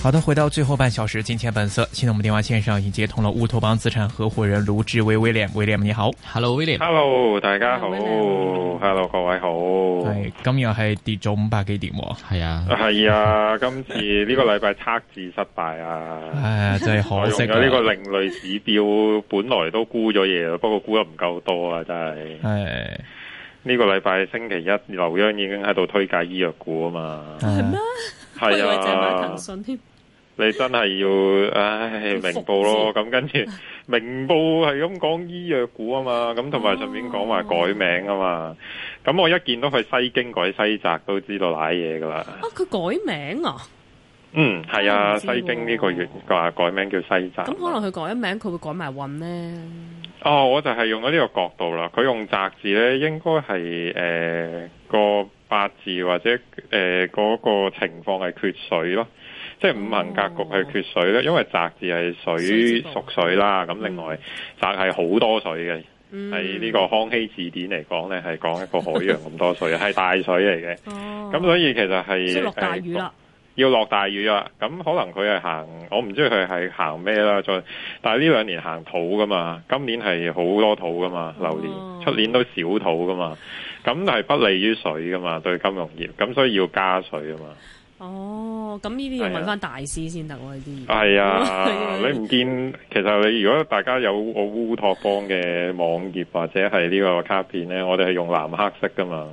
好的，回到最後半小時金錢本色，現在我們電話線上已接通了烏托邦資產合夥人盧志威威廉，William 你好，Hello William，Hello 大家好，Hello 各位好，係、哎，今日係跌咗五百幾點？係啊，係啊、哎，今次呢 個禮拜、這個、測字失敗啊，唉真係可惜啊，呢個另類指標本來都沽咗嘢，不過沽得唔夠多啊真係，係、哎，呢個禮拜星期一劉央已經喺度推介醫藥股啊嘛，係咩？係啊，騰訊添，你真係要唉明報咯，咁跟住明報係咁講醫藥股啊嘛，咁同埋順便講話改名啊嘛，咁我一見到佢西京改西澤，都知道瀨嘢噶啦。啊，佢改名啊？嗯，係啊，西京呢個月話改名叫西澤。咁可能佢改咗名，佢會改埋運咧。哦，我就係用咗呢個角度啦，佢用澤字咧，應該係誒個。八字或者誒嗰、呃那個情況係缺水咯，即係五行格局係缺水咧，因為雜字係水屬水啦，咁另外雜係好多水嘅。喺呢、嗯、個康熙字典嚟講咧係講一個海洋咁多水，係 大水嚟嘅。咁所以其實係、哦呃、要落大雨啦，要落大雨啦。咁可能佢係行，我唔知佢係行咩啦。再，但係呢兩年行土㗎嘛，今年係好多土㗎嘛，流年出年都少土㗎嘛。咁係不利於水噶嘛，對金融業，咁所以要加水啊嘛。哦，咁呢啲要問翻大師先得喎呢啲。係啊，你唔見其實你如果大家有個烏托邦嘅網頁，或者係呢個卡片咧，我哋係用藍黑色噶嘛。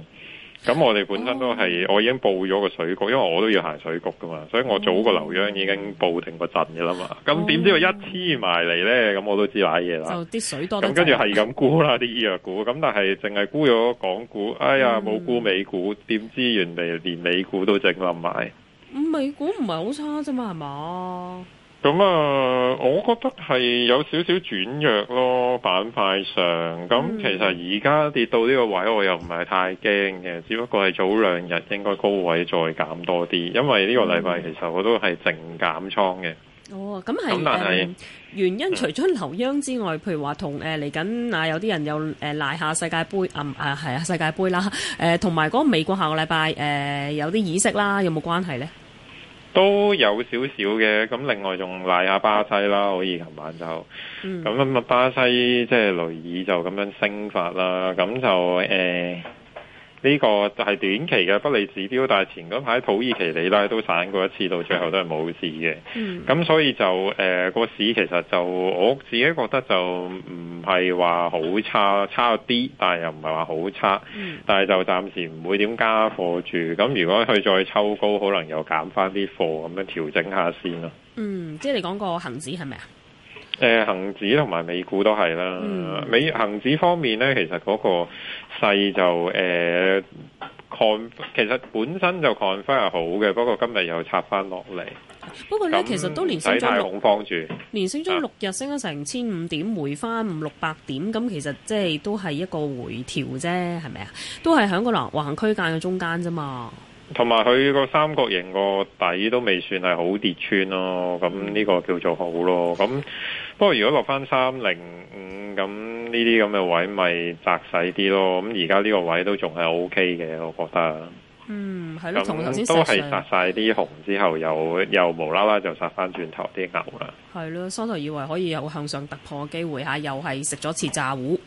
咁我哋本身都係，oh. 我已經報咗個水局，因為我都要行水局噶嘛，所以我早個劉央已經報停個陣嘅啦嘛。咁點、oh. 知佢一黐埋嚟咧，咁我都知瀨嘢啦。就啲水多,多，跟住係咁沽啦啲醫藥股。咁但係淨係沽咗港股，哎呀，冇沽美股，點知原嚟連美股都整冧埋？美股唔係好差啫嘛，係嘛？咁啊，嗯嗯、我覺得係有少少轉弱咯，板塊上。咁其實而家跌到呢個位，我又唔係太驚嘅，只不過係早兩日應該高位再減多啲，因為呢個禮拜其實我都係淨減倉嘅。哦，咁係。咁但係是、嗯、原因除咗流央之外，譬如話同誒嚟緊啊，呃、有啲人又誒、呃、賴下世界盃、呃，啊啊係啊世界盃啦，誒同埋嗰個美國下個禮拜誒、呃、有啲議息啦，有冇關係咧？都有少少嘅，咁另外仲賴下巴西啦，好似琴晚就，咁咁啊巴西即係雷爾就咁樣升法啦，咁就誒。欸呢個就係短期嘅不利指標，但係前嗰排土耳其里拉都散過一次，到最後都係冇事嘅。咁、嗯、所以就誒個、呃、市其實就我自己覺得就唔係話好差，差啲，但係又唔係話好差。嗯、但係就暫時唔會點加貨住。咁如果佢再抽高，可能又減翻啲貨咁樣調整下先咯。嗯，即係你講個恆指係咪啊？誒、呃，恒指同埋美股都係啦。嗯、美恒指方面咧，其實嗰個勢就誒抗，呃、con, 其實本身就 confirm 係好嘅，不過今日又插翻落嚟。不過咧，那其實都連升咗六,六日，升咗成千五點，回翻五六百點，咁、啊啊、其實即係都係一個回調啫，係咪啊？都係喺個橫橫區間嘅中間啫嘛。同埋佢個三角形個底都未算係好跌穿咯，咁呢、嗯嗯、個叫做好咯，咁。不過如果落翻三零五咁呢啲咁嘅位咪窄細啲咯，咁而家呢個位都仲係 O K 嘅，我覺得。嗯，係咯，這樣 同頭先殺上都係殺晒啲熊之後，又又無啦啦就殺翻轉頭啲牛啦。係咯，初頭以為可以有向上突破嘅機會吓，又係食咗次炸糊。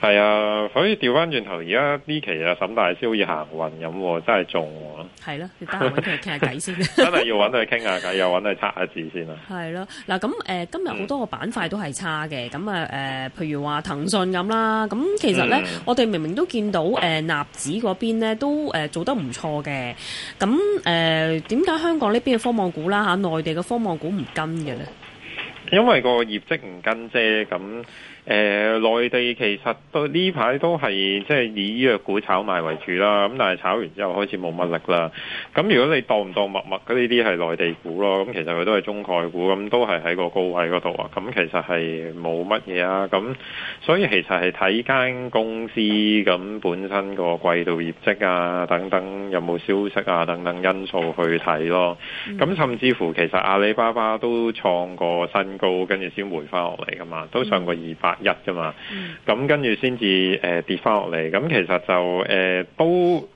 係啊，可以調翻轉頭，而家呢期啊，沈大師要行運咁，真係重、啊。係咯、啊，你聊聊 真係要搵佢傾下偈先。真係要搵佢傾下偈，又搵佢拆下字先啦、啊。係咯、啊，嗱咁誒，今日好多個板塊都係差嘅，咁啊誒，譬如話騰訊咁啦，咁其實咧，嗯、我哋明明都見到誒納、呃、指嗰邊咧都誒、呃、做得唔錯嘅，咁誒點解香港邊呢邊嘅科網股啦吓，內地嘅科網股唔跟嘅咧？因為個業績唔跟啫，咁。誒、呃，內地其實都呢排都係即係以醫藥股炒賣為主啦，咁但係炒完之後開始冇乜力啦。咁如果你當唔當物物嗰啲啲係內地股咯，咁其實佢都係中概股，咁都係喺個高位嗰度啊。咁其實係冇乜嘢啊。咁所以其實係睇間公司咁本身個季度業績啊，等等有冇消息啊，等等因素去睇咯。咁甚至乎其實阿里巴巴都創過新高，跟住先回翻落嚟噶嘛，都上過二百。日咋嘛，咁跟住先至誒跌翻落嚟。咁其實就誒、呃、都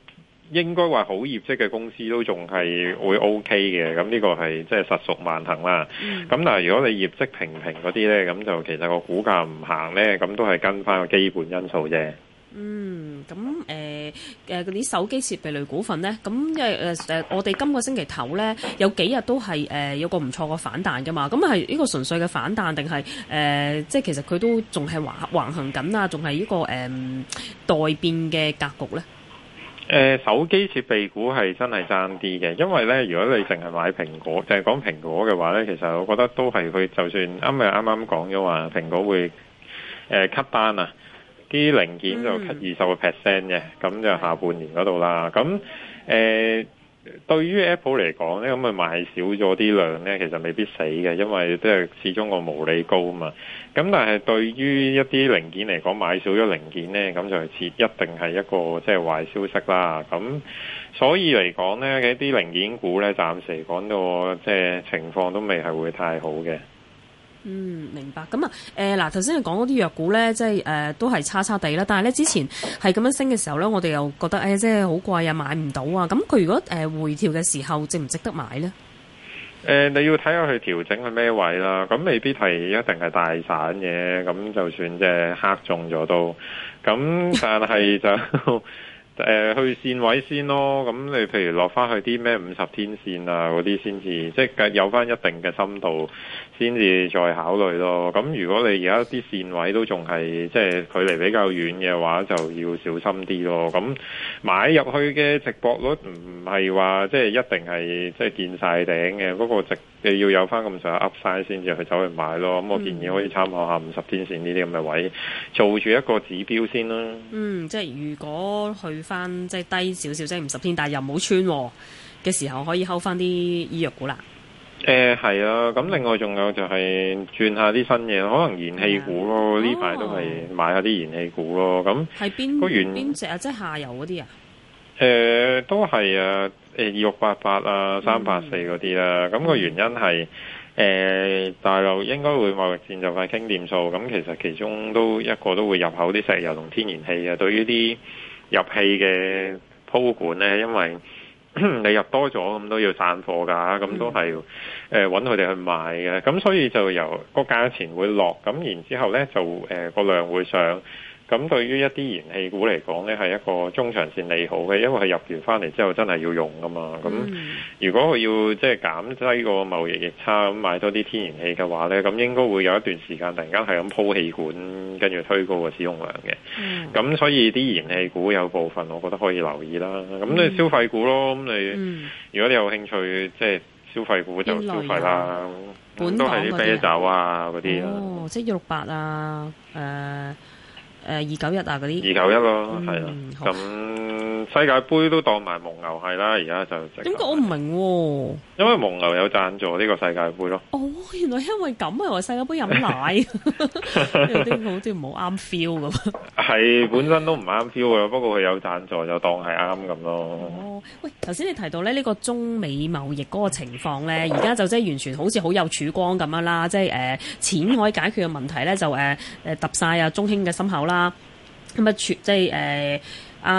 應該話好業績嘅公司都仲係會 O K 嘅。咁呢個係即係實屬慢行啦。咁但係如果你業績平平嗰啲呢，咁就其實個股價唔行呢。咁都係跟翻個基本因素啫。嗯，咁誒，誒嗰啲手機設備類股份咧，咁因為誒誒誒，我哋今個星期頭咧有幾日都係誒、呃、有個唔錯嘅反彈噶嘛，咁係呢個純粹嘅反彈，定係誒即係其實佢都仲係橫橫行緊啊，仲係呢個誒、呃、待變嘅格局咧。誒、呃，手機設備股係真係爭啲嘅，因為咧如果你淨係買蘋果，淨係講蘋果嘅話咧，其實我覺得都係佢就算啱咪啱啱講咗話蘋果會誒 cut 單啊。呃啲零件就 cut 二十個 percent 嘅，咁就下半年嗰度啦。咁誒、呃，對於 Apple 嚟講咧，咁咪買少咗啲量呢，其實未必死嘅，因為都係始終個毛利高嘛。咁但係對於一啲零件嚟講，買少咗零件呢，咁就係一一定係一個即係壞消息啦。咁所以嚟講呢，一啲零件股呢，暫時嚟講到即係、就是、情況都未係會太好嘅。嗯，明白咁啊，誒嗱，頭先你講嗰啲藥股咧，即係誒、呃、都係差差地啦。但係咧，之前係咁樣升嘅時候咧，我哋又覺得誒、呃、即係好貴啊，買唔到啊。咁佢如果誒、呃、回調嘅時候，值唔值得買咧？誒、呃，你要睇下佢調整喺咩位啦，咁未必係一定係大散嘅，咁就算即係黑中咗都，咁但係就。 誒、呃、去線位先咯，咁你譬如落翻去啲咩五十天線啊嗰啲先至，即係有翻一定嘅深度先至再考慮咯。咁如果你而家啲線位都仲係即係距離比較遠嘅話，就要小心啲咯。咁買入去嘅值搏率唔係話即係一定係即係見晒頂嘅，不、那、過、個、直。要有翻咁多 Upside 先至去走去買咯，咁我建議可以參考下五十天線呢啲咁嘅位，做住一個指標先啦。嗯，即係如果去翻即係低少少即係五十天，但係又冇穿嘅時候，可以拋翻啲醫藥股啦。誒係、呃、啊，咁另外仲有就係轉下啲新嘢，可能燃氣股咯，呢排、啊哦、都係買下啲燃氣股咯。咁係邊個邊隻、呃、啊？即係下游嗰啲啊？誒，都係啊。誒，二六八八啊，三八四嗰啲啦，咁、hmm. 個原因係，誒、呃，大陸應該會貿易戰就快傾掂數，咁其實其中都一個都會入口啲石油同天然氣啊，對於啲入氣嘅鋪管呢，因為 你入多咗咁都要散貨噶，咁都係誒揾佢哋去賣嘅，咁所以就由、那個價錢會落，咁然之後呢就誒、呃那個量會上。咁對於一啲燃氣股嚟講呢係一個中長線利好嘅，因為入完返嚟之後真係要用㗎嘛。咁、嗯、如果佢要即係減低個貿易逆差，咁買多啲天然氣嘅話呢，咁應該會有一段時間突然間係咁鋪氣管，跟住推高個使用量嘅。咁、嗯、所以啲燃氣股有部分，我覺得可以留意啦。咁你、嗯、消費股咯，咁你、嗯、如果你有興趣即係消費股就消費啦，都係啲啤酒啊嗰啲咯。即係六八啊，誒、呃。誒、呃，二九一啊嗰啲二九一咯，係、嗯、啊，咁好。嗯世界杯都當埋蒙牛係啦，而家就整。點解我唔明、啊？因為蒙牛有贊助呢個世界盃咯。哦，原來因為咁啊，話世界盃飲奶， 有啲好似唔好啱 feel 咁。係本身都唔啱 feel 嘅，嗯、不過佢有贊助就當係啱咁咯。哦，喂，頭先你提到咧呢個中美貿易嗰個情況咧，而家就即係完全好似好有曙光咁樣啦，即係誒、呃、錢可以解決嘅問題咧，就誒誒揼曬啊中興嘅心口啦，咁啊即係誒。阿、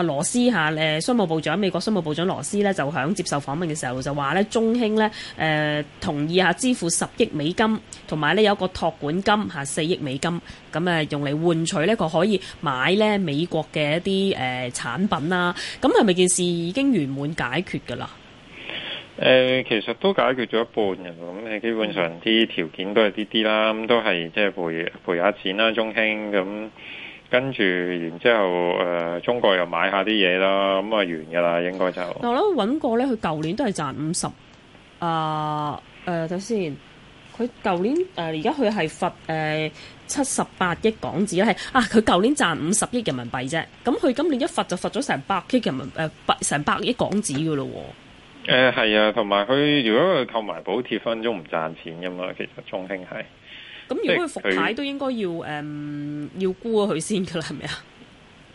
啊、羅斯嚇，誒、啊，商務部長，美國商務部長羅斯呢、啊，就響接受訪問嘅時候就話咧，中興呢誒、啊，同意下支付十億美金，同埋呢有個託管金嚇四億美金，咁、啊、誒用嚟換取呢佢可以買呢美國嘅一啲誒、啊、產品啦。咁係咪件事已經圓滿解決㗎啦？誒、呃，其實都解決咗一半嘅，咁誒基本上啲條件都係啲啲啦，咁都係即係賠賠下錢啦，中興咁。跟住，然之後，誒、呃，中國又買下啲嘢啦，咁、嗯、啊，完噶啦，應該就。我諗揾過咧，佢舊年都係賺五十，啊，誒，睇先，佢舊年誒，而家佢係罰誒七十八億港紙，係啊，佢舊年賺五十億人民幣啫，咁佢今年一罰就罰咗成百億人民誒百成百億港紙噶咯喎。誒係、呃、啊，同埋佢如果佢扣埋補貼分，都唔賺錢噶嘛，其實中興係。咁如果佢復牌都應該要誒、嗯、要沽佢先噶啦，係咪啊？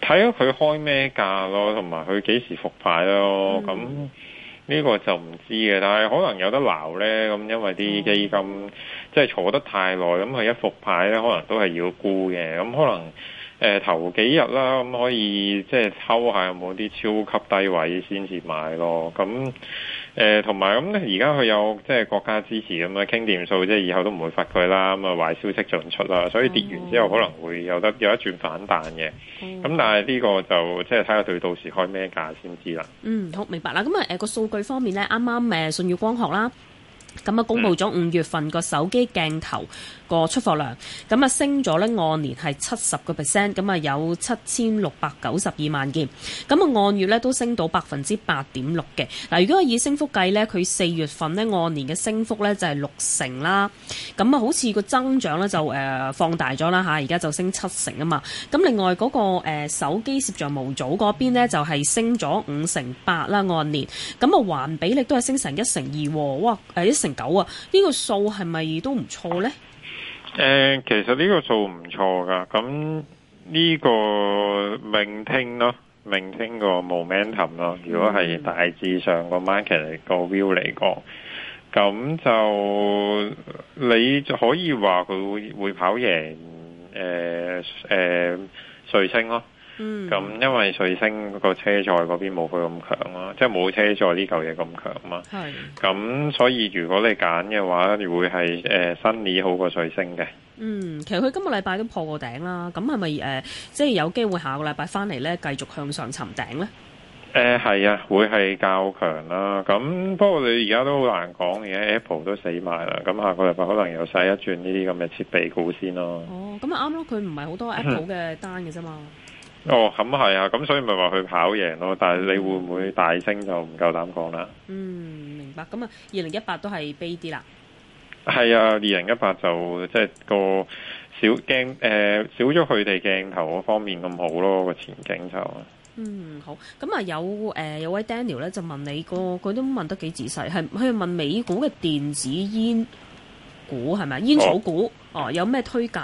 睇下佢開咩價咯，同埋佢幾時復牌咯。咁呢、嗯呢個就唔知嘅，但係可能有得撈呢，咁因為啲基金、哦、即係坐得太耐，咁佢一復牌呢，可能都係要沽嘅。咁可能誒、呃、頭幾日啦，咁可以即係抽下有冇啲超級低位先至買咯。咁。誒同埋咁咧，而家佢有、嗯、有即係國家支持咁啊，傾掂數即係以後都唔會罰佢啦。咁啊，壞消息進出啦，所以跌完之後可能會有得有一轉反彈嘅。咁、嗯、但係呢個就即係睇下佢到時開咩價先知啦。嗯，好明白啦。咁啊誒個數據方面咧，啱啱誒舜宇光學啦。咁啊，公佈咗五月份個手機鏡頭個出貨量，咁啊升咗咧按年係七十個 percent，咁啊有七千六百九十二萬件，咁啊按月咧都升到百分之八點六嘅。嗱，如果以升幅計咧，佢四月份咧按年嘅升幅咧就係六成啦。咁啊，好似個增長咧就誒放大咗啦吓，而家就升七成啊嘛。咁另外嗰個誒手機攝像模組嗰邊咧就係升咗五成八啦按年，咁啊環比咧都係升成一成二哇，誒。一成。九啊，呢個數係咪都唔錯呢？誒，其實呢個數唔錯噶，咁呢個命聽咯，命聽個 momentum 咯，如果係大致上個 market 嚟個 view 嚟講，咁就你就可以話佢會會跑贏誒誒瑞星咯。嗯，咁因為瑞星個車載嗰邊冇佢咁強啦，即係冇車載呢嚿嘢咁強嘛。係是，咁、嗯、所以如果你揀嘅話，你會係誒、呃、新年好過瑞星嘅。嗯，其實佢今個禮拜都破過頂啦，咁係咪誒，即、呃、係、就是、有機會下個禮拜翻嚟咧，繼續向上尋頂咧？誒、呃，係啊，會係較強啦、啊。咁不過你而家都好難講嘅，Apple 都死埋啦。咁下個禮拜可能又洗一轉呢啲咁嘅設備股先咯。哦，咁啊啱咯，佢唔係好多 Apple 嘅單嘅啫嘛。嗯。哦，咁係啊，咁所以咪話佢跑贏咯，但係你會唔會大升就唔夠膽講啦？嗯，明白。咁啊，二零一八都係悲啲啦。係啊，二零一八就即係個少鏡誒，少咗佢哋鏡頭方面咁好咯，個前景就。嗯，好。咁啊，有、呃、誒有位 Daniel 咧就問你個，佢都問得幾仔細，係佢係問美股嘅電子煙股係咪？煙草股哦，哦，有咩推介？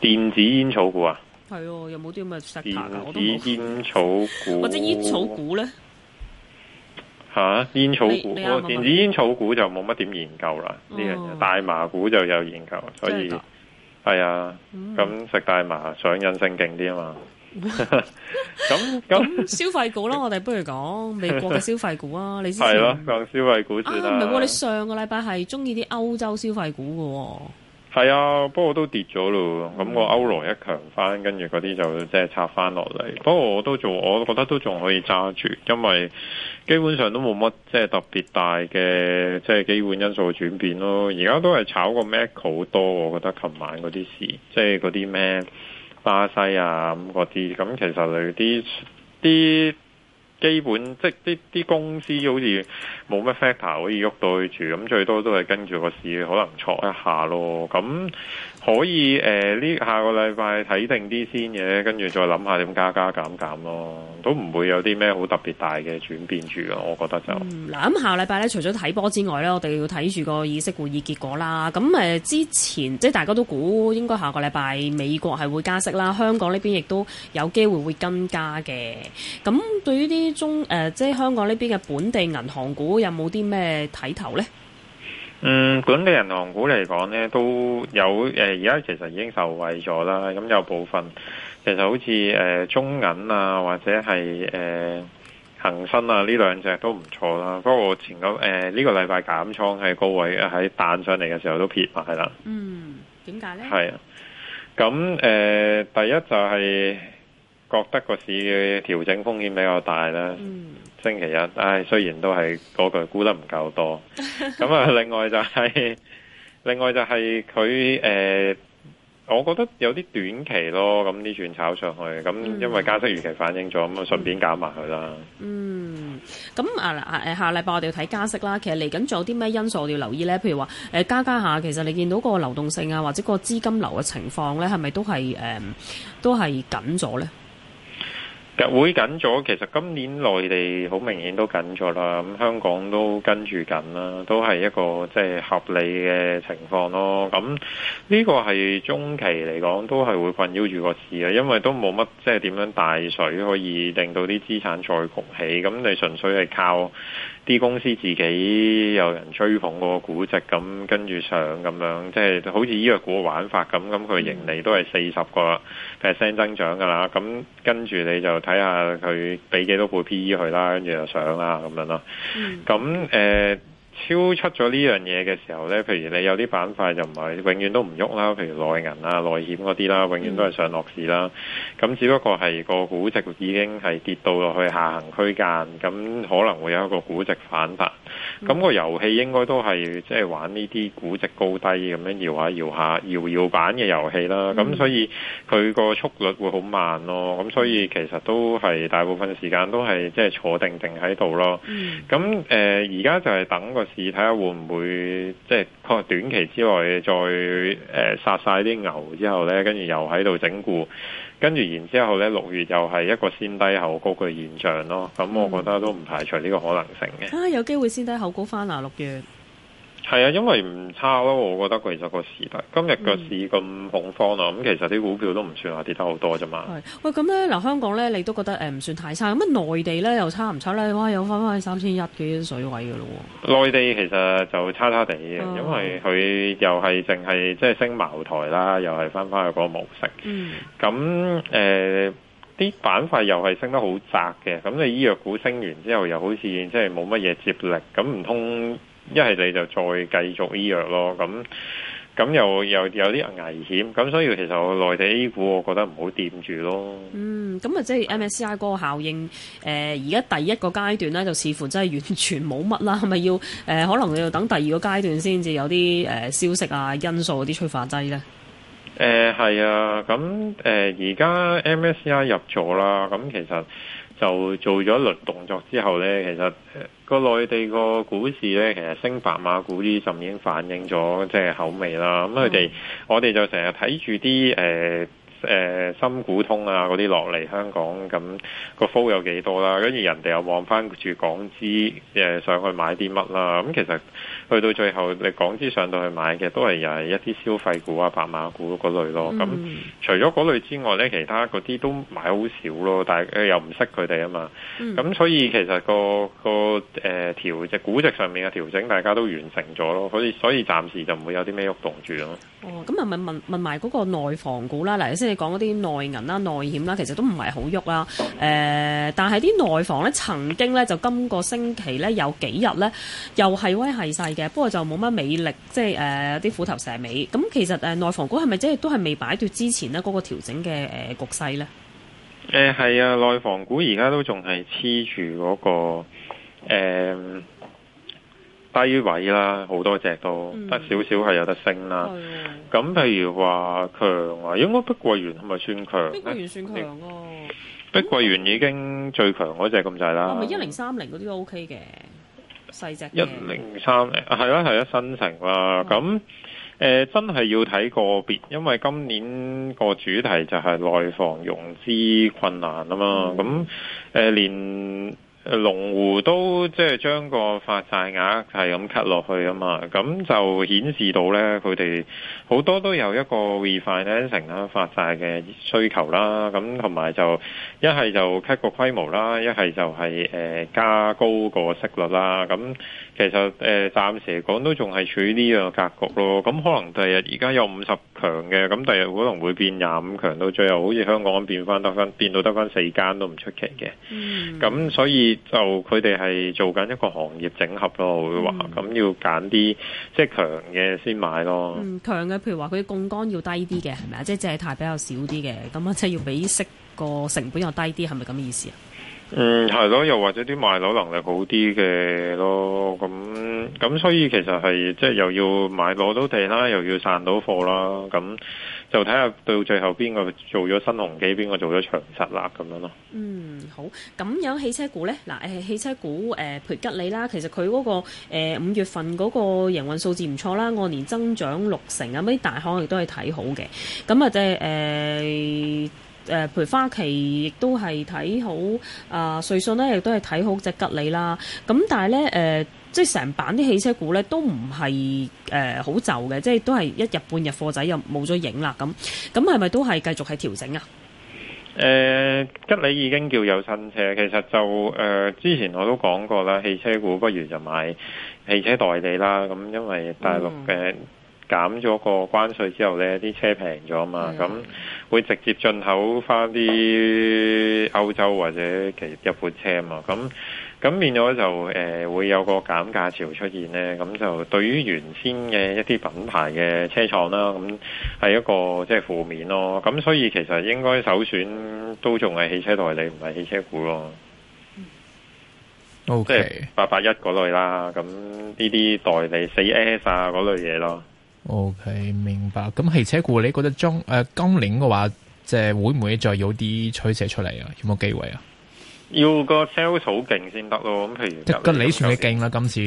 電子煙草股啊？係哦，有冇啲咁嘅石茶噶？電子煙草股或者煙草股咧？吓，煙草股哦，電子煙草股就冇乜點研究啦。呢樣嘢大麻股就有研究，所以係啊。咁食大麻上癮性勁啲啊嘛。咁咁消費股啦，我哋不如講美國嘅消費股啊。你先係咯，講消費股先啦。唔係，你上個禮拜係中意啲歐洲消費股噶。係啊，不過都跌咗咯。咁個歐羅一強翻，跟住嗰啲就即係拆翻落嚟。不過我都做，我覺得都仲可以揸住，因為基本上都冇乜即係特別大嘅即係基本因素轉變咯。而家都係炒個 Mac 好多，我覺得。琴晚嗰啲事，即係嗰啲咩巴西啊咁嗰啲，咁其實你啲啲。基本即啲啲公司好似冇咩 factor 可以喐到去住，咁最多都係跟住個市可能錯一下咯。咁可以誒呢、呃、下個禮拜睇定啲先嘅，跟住再諗下點加加減減減咯。都唔會有啲咩好特別大嘅轉變住咯，我覺得就嗱。咁、嗯、下禮拜咧，除咗睇波之外咧，我哋要睇住個議息會議結果啦。咁誒、呃、之前即係大家都估應該下個禮拜美國係會加息啦，香港呢邊亦都有機會會跟加嘅。咁對於啲。中誒、呃，即係香港呢邊嘅本地銀行股有冇啲咩睇頭呢？嗯，本地銀行股嚟講呢，都有誒，而、呃、家其實已經受惠咗啦。咁、嗯、有部分其實好似誒、呃、中銀啊，或者係誒恒生啊，呢兩隻都唔錯啦。不過我前個誒呢、呃這個禮拜減倉喺高位，喺彈上嚟嘅時候都撇埋啦。嗯，點解呢？係啊，咁誒、呃，第一就係、是。覺得個市嘅調整風險比較大啦，嗯、星期日，唉，雖然都係嗰句沽得唔夠多。咁啊、 嗯，另外就係、是、另外就係佢誒，我覺得有啲短期咯。咁呢轉炒上去，咁因為加息預期反映咗，咁啊順便搞埋佢啦。嗯，咁啊誒，下禮拜我哋要睇加息啦。其實嚟緊仲有啲咩因素我哋要留意咧？譬如話誒加加下，其實你見到個流動性啊，或者個資金流嘅情況咧，係咪都係誒、嗯、都係緊咗咧？會緊咗，其實今年內地好明顯都緊咗啦，咁香港都跟住緊啦，都係一個即係、就是、合理嘅情況咯。咁、這、呢個係中期嚟講都係會困擾住個市呀，因為都冇乜即係點樣大水可以令到啲資產再焗起，咁你純粹係靠。啲公司自己有人追捧個估值咁跟住上，咁樣，即係好似呢個股玩法咁，咁佢盈利都係四十個 percent 增長噶啦，咁跟住你就睇下佢俾幾多倍 PE 去啦，跟住就上喇咁樣咯，咁誒。嗯超出咗呢樣嘢嘅時候咧，譬如你有啲板塊就唔係永遠都唔喐啦，譬如內銀啊、內險嗰啲啦，永遠都係上落市啦。咁、嗯、只不過係個估值已經係跌到落去下行區間，咁可能會有一個估值反彈，咁、嗯、個遊戲應該都係即係玩呢啲估值高低咁樣搖下搖下搖搖板嘅遊戲啦。咁、嗯、所以佢個速率會好慢咯。咁所以其實都係大部分時間都係即係坐定定喺度咯。咁誒而家就係等個。試睇下會唔會即係可能短期之內再誒殺晒啲牛之後呢？跟住又喺度整固，跟住然之後咧，六月又係一個先低後高嘅現象咯。咁我覺得都唔排除呢個可能性嘅、嗯。啊，有機會先低後高翻，啊！六月。係啊，因為唔差咯，我覺得其實個市嘅，今日個市咁恐慌啊，咁其實啲股票都唔算話跌得好多啫嘛。喂，咁咧，嗱、呃、香港咧，你都覺得誒唔、呃、算太差，咁啊內地咧又差唔差咧？哇，有翻翻去三千一幾嘅水位噶咯喎。內地其實就差差哋嘅，嗯、因為佢又係淨係即係升茅台啦，又係翻翻去嗰個模式。嗯。咁誒，啲、呃、板塊又係升得好窄嘅，咁你醫藥股升完之後，又好似即係冇乜嘢接力，咁唔通？一係你就再繼續醫藥咯，咁咁又又有啲危險，咁所以其實內地 A 股我覺得唔好掂住咯。嗯，咁啊，即係 MSCI 嗰個效應，誒而家第一個階段咧，就似乎真係完全冇乜啦，係咪要誒、呃、可能要等第二個階段先至有啲誒、呃、消息啊、因素嗰啲催化劑咧？誒係、呃、啊，咁、嗯、誒而家、呃、MSCI 入咗啦，咁、嗯、其實。就做咗一輪動作之後呢，其實個內地個股市呢，其實升白馬股啲就已經反映咗即係口味啦。咁佢哋我哋就成日睇住啲誒誒深股通啊嗰啲落嚟香港，咁、個 flow 有幾多啦？跟住人哋又望翻住港資誒、呃、上去買啲乜啦。咁、嗯嗯、其實。.去到最後，你港資上到去買嘅都係又係一啲消費股啊、白馬股嗰類咯。咁、嗯、除咗嗰類之外咧，其他嗰啲都買好少咯。但係又唔識佢哋啊嘛。咁、嗯、所以其實個個誒、呃、調即估值上面嘅調整，大家都完成咗咯。所以所以暫時就唔會有啲咩喐動住咯。哦，咁啊問問，問問問埋嗰個內房股啦。嗱，先你講嗰啲內銀啦、內險啦，其實都唔係好喐啦。誒，但係啲內房咧曾經咧就今個星期咧有幾日咧又係威係曬。嘅，不過就冇乜尾力，即係誒，啲、呃、虎頭蛇尾。咁其實誒，內、呃、房股係咪即係都係未擺脫之前呢嗰、那個調整嘅誒、呃、局勢咧？誒係、呃、啊，內房股而家都仲係黐住嗰個誒、呃、低位啦，好多隻都、嗯、隻都得少少係有得升啦。咁譬、啊、如話強啊，應該碧桂園係咪算強？碧桂園算強啊？碧桂園已經最強嗰隻咁滯啦。係咪一零三零嗰啲都 O K 嘅。是一零三，係啊，係啊，新城啦，咁誒、呃，真係要睇個別，因為今年個主題就係內房融資困難啊嘛，咁誒、呃，連。誒龍湖都即係將個發債額係咁 cut 落去啊嘛，咁就顯示到咧佢哋好多都有一個 refinancing 啦發債嘅需求啦，咁同埋就一係就 cut 個規模啦，一係就係、是、誒、呃、加高個息率啦。咁其實誒暫、呃、時嚟講都仲係處於呢個格局咯。咁可能第日而家有五十強嘅，咁第日可能會變廿五強，到最後好似香港變翻得翻，變到得翻四間都唔出奇嘅。咁、嗯、所以。就佢哋係做緊一個行業整合咯，會話咁、嗯、要揀啲即係強嘅先買咯。嗯，強嘅，譬如話佢嘅槓杆要低啲嘅，係咪啊？即係借貸比較少啲嘅，咁即係要比息個成本又低啲，係咪咁嘅意思啊？嗯，係咯，又或者啲賣樓能力好啲嘅咯，咁咁，所以其實係即係又要買攞到地啦，又要散到貨啦，咁。就睇下到最後邊個做咗新鴻基，邊個做咗長實啦咁樣咯。嗯，好，咁有汽車股咧，嗱誒汽車股誒譬如、呃、吉利啦，其實佢嗰、嗰個、呃、五月份嗰個營運數字唔錯啦，按年增長六成啊，啲大行亦都係睇好嘅。咁啊即係誒誒譬如花旗亦都係睇好啊、呃、瑞信咧，亦都係睇好隻吉利啦。咁但係咧誒。呃即係成版啲汽車股咧都唔係誒好就嘅，即係都係一日半日貨仔又冇咗影啦咁。咁係咪都係繼續係調整啊？誒、呃，吉利已經叫有新車，其實就誒、呃、之前我都講過啦，汽車股不如就買汽車代理啦。咁因為大陸嘅減咗個關稅之後咧，啲車平咗嘛，咁、嗯、會直接進口翻啲歐洲或者其實日本車嘛，咁。咁變咗就誒、呃，會有個減價潮出現咧。咁就對於原先嘅一啲品牌嘅車廠啦，咁係一個即係負面咯。咁所以其實應該首選都仲係汽車代理，唔係汽車股咯。O K，八八一嗰類啦，咁呢啲代理四 S 啊，嗰類嘢咯。O、okay, K，明白。咁汽車股你覺得中誒今年嘅話，即、就、係、是、會唔會再有啲取捨出嚟啊？有冇機會啊？要個 sales 好勁先得咯。咁譬如即係吉利算係勁啦，今次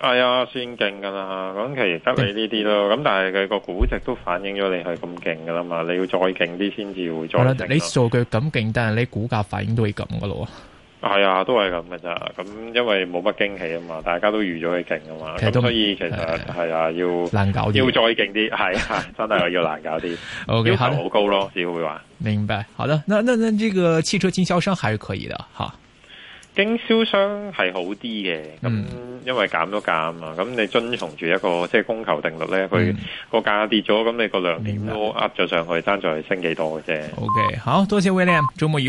係啊、哎，算勁噶啦。咁譬如吉利呢啲咯，咁但係佢個估值，都反映咗你係咁勁噶啦嘛。你要再勁啲先至會再勁。你做嘅咁勁，但係你股價反映都會咁噶咯。係啊，都係咁嘅咋？咁因為冇乜驚喜啊嘛，大家都預咗佢勁啊嘛，咁所以其實係啊，要難搞，要再勁啲，係啊，真係要難搞啲。要求好高咯，只會話。明白，好啦。嗱嗱嗱，呢個汽車經銷商還係可以嘅，哈。經銷商係好啲嘅，咁因為減都減啊，咁你遵從住一個即係供求定律咧，佢個價跌咗，咁你個量點都 Up 咗上去，爭在升幾多嘅啫。O K，好多謝 William，周末